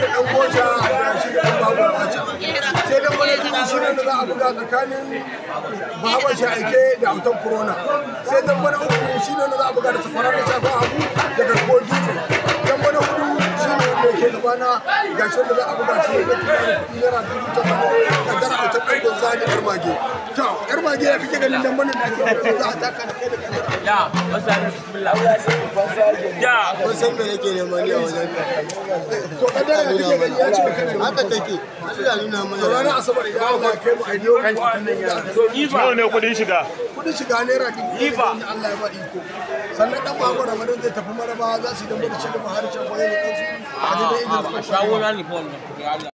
da ɗan goja da shi da babu sai wani shi ne za a buga tsakanin baban shi ake da autan corona sai dan wani uku shi ne za a buga da safarar da abu da garkuwar ke gabana ga shi da za a buga shi da kuɗi naira dubu gara a ta ɗaukar zani yar mage to yar mage ya fike ganin dan da ake za a taka da kai da kai ya masa bismillah ya kun san me nake nema ne a wajen to kada ya fike gani ya ci kana haka take shi da nuna mana ranar asabar ya ba kai mu aidiyo ko annan ya to ni ne kuɗin shiga kuɗin shiga naira dubu ni Allah ya ba iko sannan dan babu ramadan zai tafi maraba za su yi dambe da shi da har da kansu அது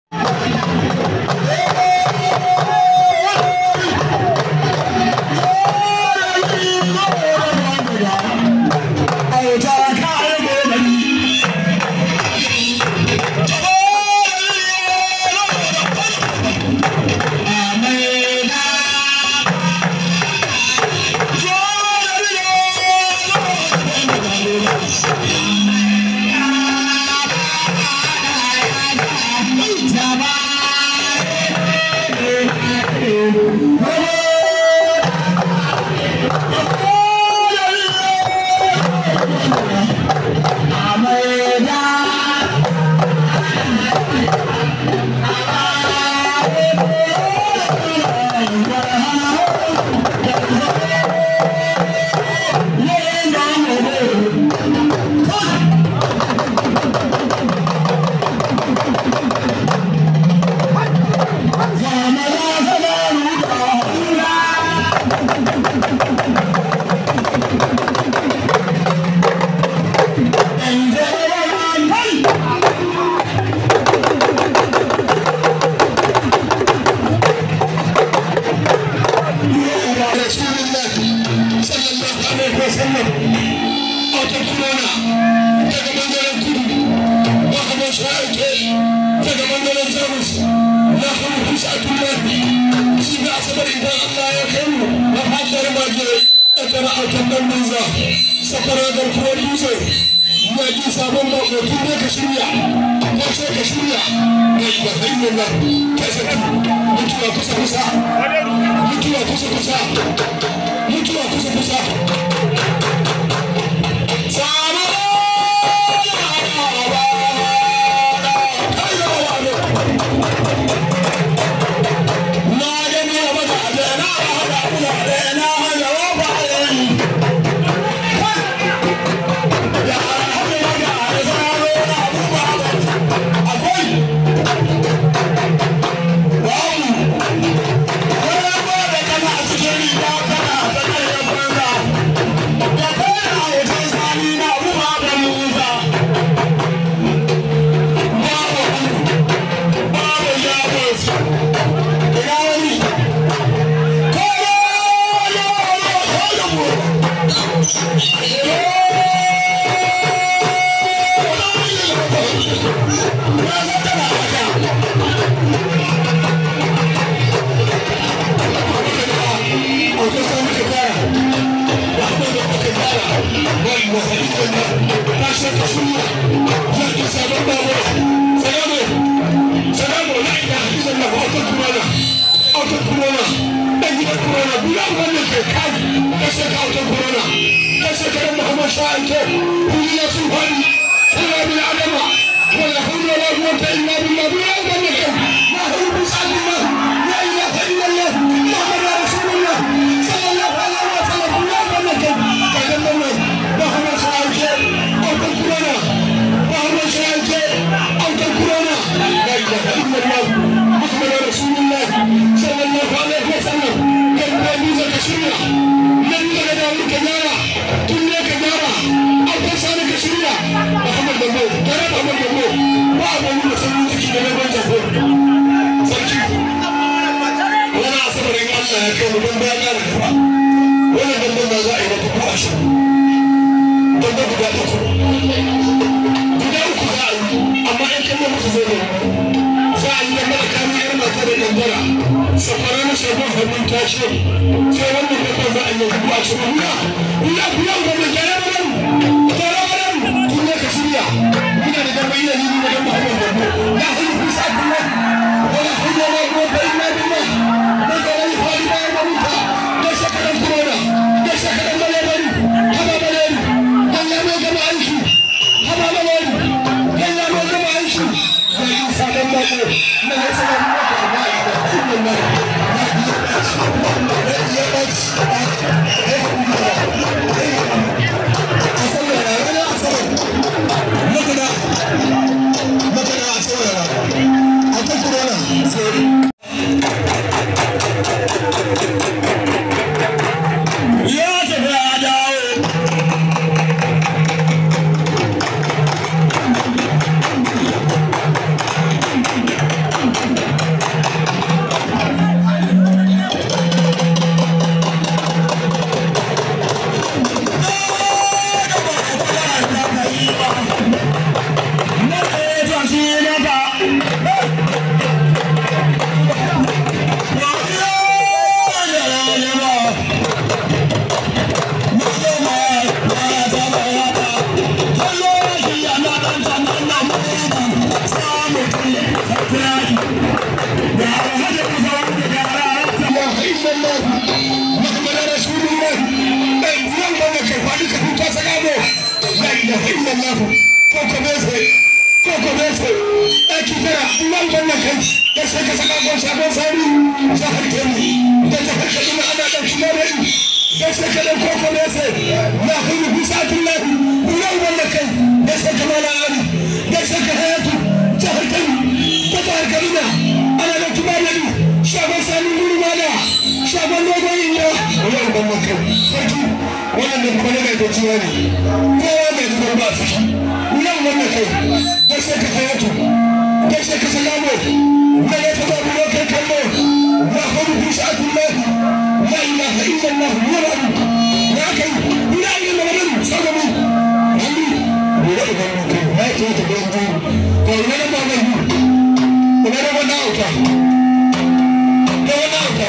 Hallelujah. Gracias. Thank you. ce wannan kafa za a yi dubu ashirin wuya wuya ga wuya Allah ko ko bese ko ko bese da ki tara Allah wannan kai da sai ka saka gon sabon sari sa harke mu da ta harke mu ana da shi ne da sai ka dan ko ko bese na hulu bi satullah Allah wannan kai da sai ka mala ali da sai ka hayatu ta harke mu ta ta harke mu ana da kuma ne sabon sari mu mala sabon dogon inda Allah wannan kai wannan kuma na mai kwanciya ne kowa mai zubar ba ciki wuyan wannan kai gashe ka hayatu gashe ka salamo na ya taba mu kai kallo na hudu bi sha'atullah la ilaha illallah wala ya kai ina yi maganar tsagamu hannu ne da idan mutum ya ce ta don goro ko ina na ba mai ina na ba na auta ina na auta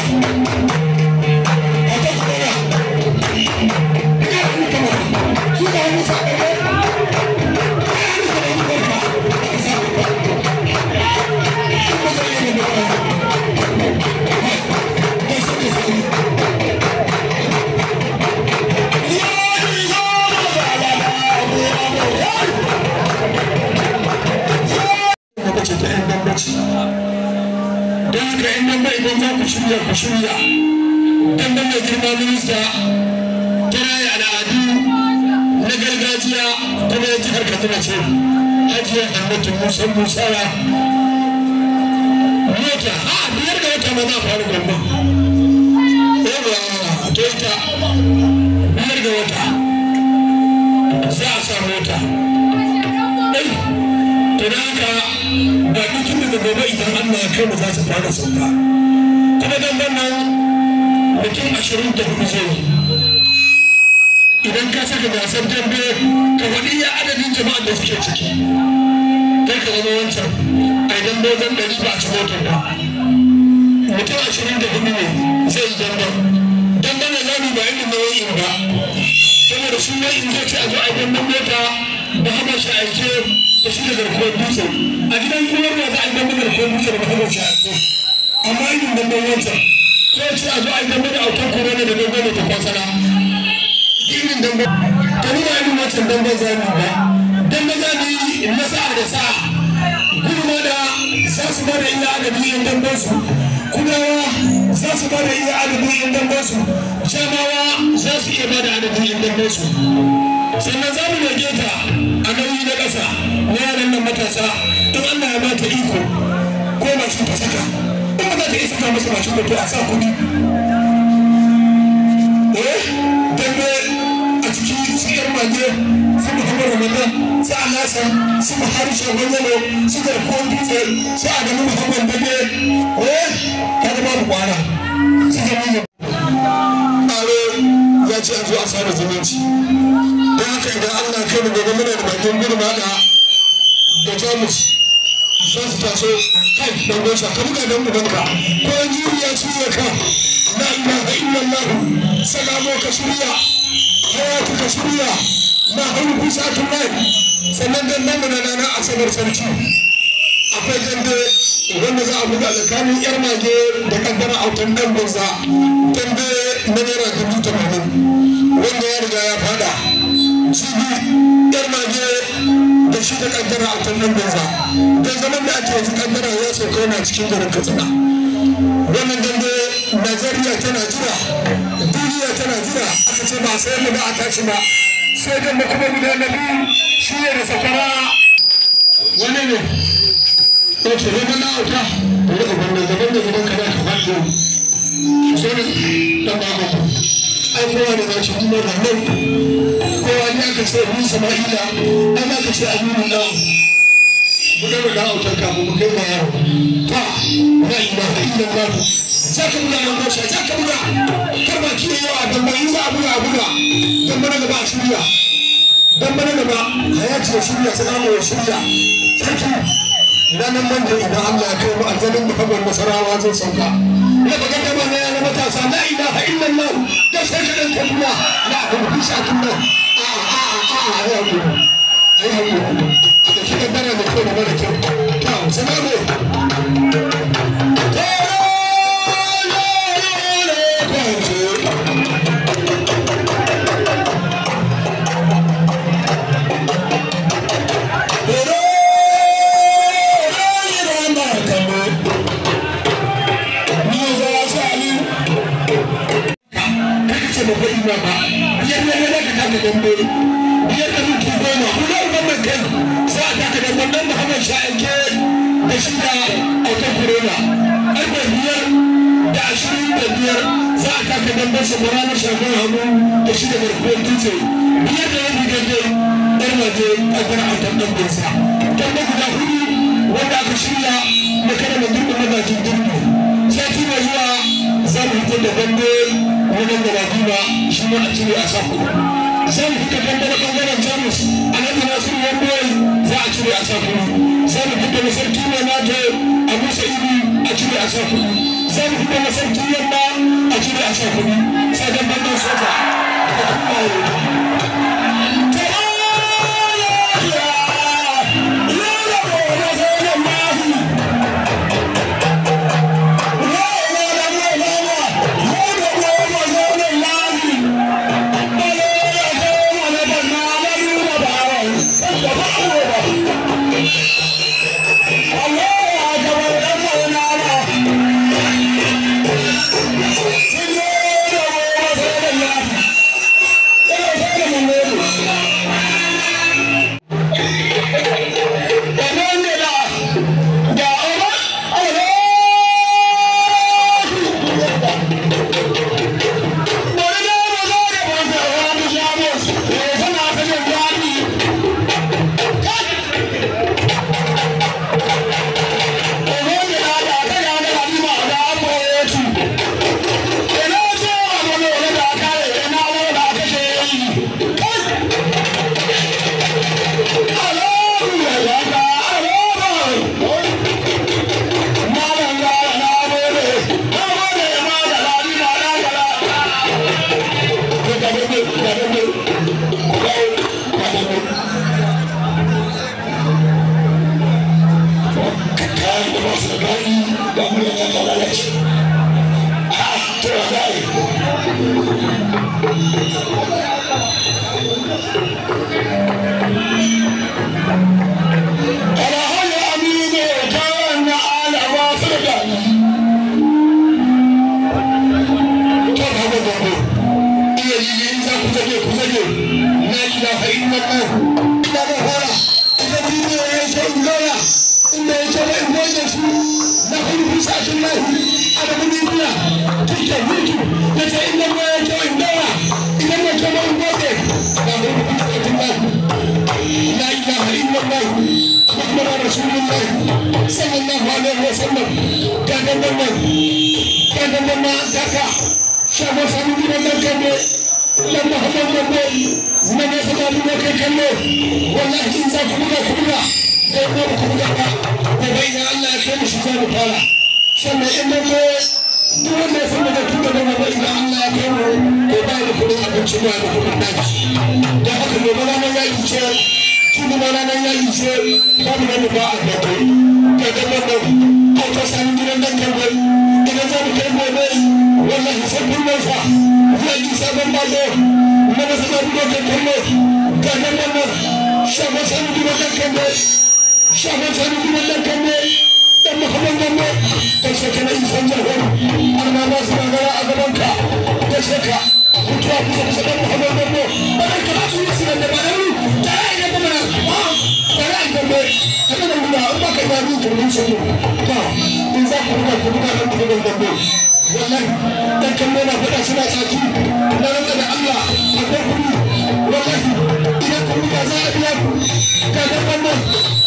shirya ku shirya dandan mai girma minista tana yi al'adu na gargajiya kuma ya jihar katsina ce ajiye ahmadu musa musawa mota a biyar da wata ma za a faru gombe yawa ta wata biyar da wata za a sa mota to da haka ba duk da gobe idan allah ya kai mu za su fara sauka damben wannan mutum ashirin da kuma zai idan ka saka gasar dambe ka faɗi ya adadin jama'ar da suke ciki kai ka zama wancan a idan bozan ɗari ba a ci motar ba mutum ashirin da hudu ne zai yi damben damben da zamu ba irin nau'in ba kuma da suna in zai ci a zo a damben mota da hama shi yake da shi da garkuwar dutse a gidan kuma ba za a yi damben garkuwar dutse da ba hama shi yake amma irin dambe wancan ko ce a zo idan yi dambe da autar korona da dogon da ta kwasana irin dambe ta nuna irin wancan dambe za mu ba dambe za mu yi na sa'a da sa'a guduma da za su ba da iya adadin yin damben su kudawa za su ba da iya adadin yin damben su jamawa za su iya ba da adadin yin damben su sannan za mu rage ta a nauyi na ƙasa na yaran nan matasa don Allah ya ba ta iko ko ba shi ta saka iya saka masa mashin da a sa kuɗi eh dambe a ciki su yar mage su muhammad ramadan su alhassan su buhari shagon yalo su garkuwar dutse su adamu muhammad dage eh kaga babu kwana su zama ya ce a zo a sada zumunci don haka idan allah kai mu gobe muna da bakin gurma da da jamus za su taso kai don gosa ka buga don mu banka ka shirya hayatu ka shirya na hannu bisa tunan sannan dandan da nana asabar sarki akwai dambe wanda za a buga tsakanin yar mage da kaddara autan dan banza dambe na naira dubu tamanin wanda ya riga ya fada jibi yar mage da shi da kaddara autan dan banza da zaman da ake yanzu kaddara ya sauka yana cikin garin katsina wannan dambe najeriya tana jira duniya tana jira aka ce ba sai mu ba a tashi ba sai dan kuma guda da biyu shi ne da sakara wani ne ce ne na auta ku uban da gaban da gaban kada ka faɗi sai da ta ba ku ai kowa ne zai kuma da nan kowa ne aka ce ni sama'ila ma aka ce aminu ɗan gudanar da auta ka mu kai ba yaro ta na ilaha illallah Za ka buga nan bosa za ka buga kar ba kiyo yawa dan ba yi za a buga a buga dan ba na gaba a shirya dan ba na gaba a ya shirya sai ka ya shirya sarki ranar manda idan Allah ya kai mu aljanin mu fagon nasarawa zai sauka na baga da mana ya matasa la ina nan da sai ka dan kaduna la ka bi shi a kunna a a a a ya ku ai A da shi da A da kai da bana kyau to sai ma Sai kuɗi za mu fita na sarki ne na ta a musa ibi a cire a sa kuɗi za mu fita na sarki yamma a cire a sa kuɗi sai dan bandan sofa a kuma sallallahu alaihi wasallam ga dandan nan ga dandan na daga shago sami gidan nan kalle lan muhammad kalle nan ya saka mu kai kalle wallahi in za ku buga ku buga dai ko ku buga ba da bai da Allah ya kai mu shi za mu fara sannan in mun duk wanda ya san da zai tuka noma ba idan Allah ya kai mu to ba da kudin abinci ba da kudin taki da haka gobe ranar yaƙi ce kuma ma ranar yaƙi ce ba mu ne ba a dakai kai da wannan auto sani gidan dan kai idan za mu kai gobe wallahi sai kun mai fa zai ji sabon bazo mana suka buɗe kan kallo ga nan wannan shagon sani gidan dan kai shagon sani gidan dan kai dan muhammad gambo karshe kana isan a gaban ka karshe ka mutuwa kusa kusa dan muhammad da a idan kuma na tare a idan bai a kan nan guda an baka suna tsaki na allah akwai kuɗi idan kun za a biya ku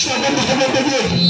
shugaban da ta bambage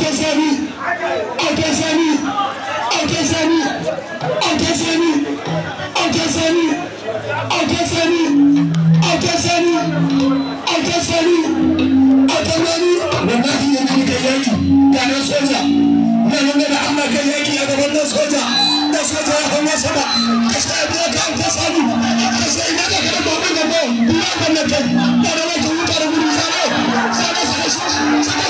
ake sani ake ni na a gaban na soja na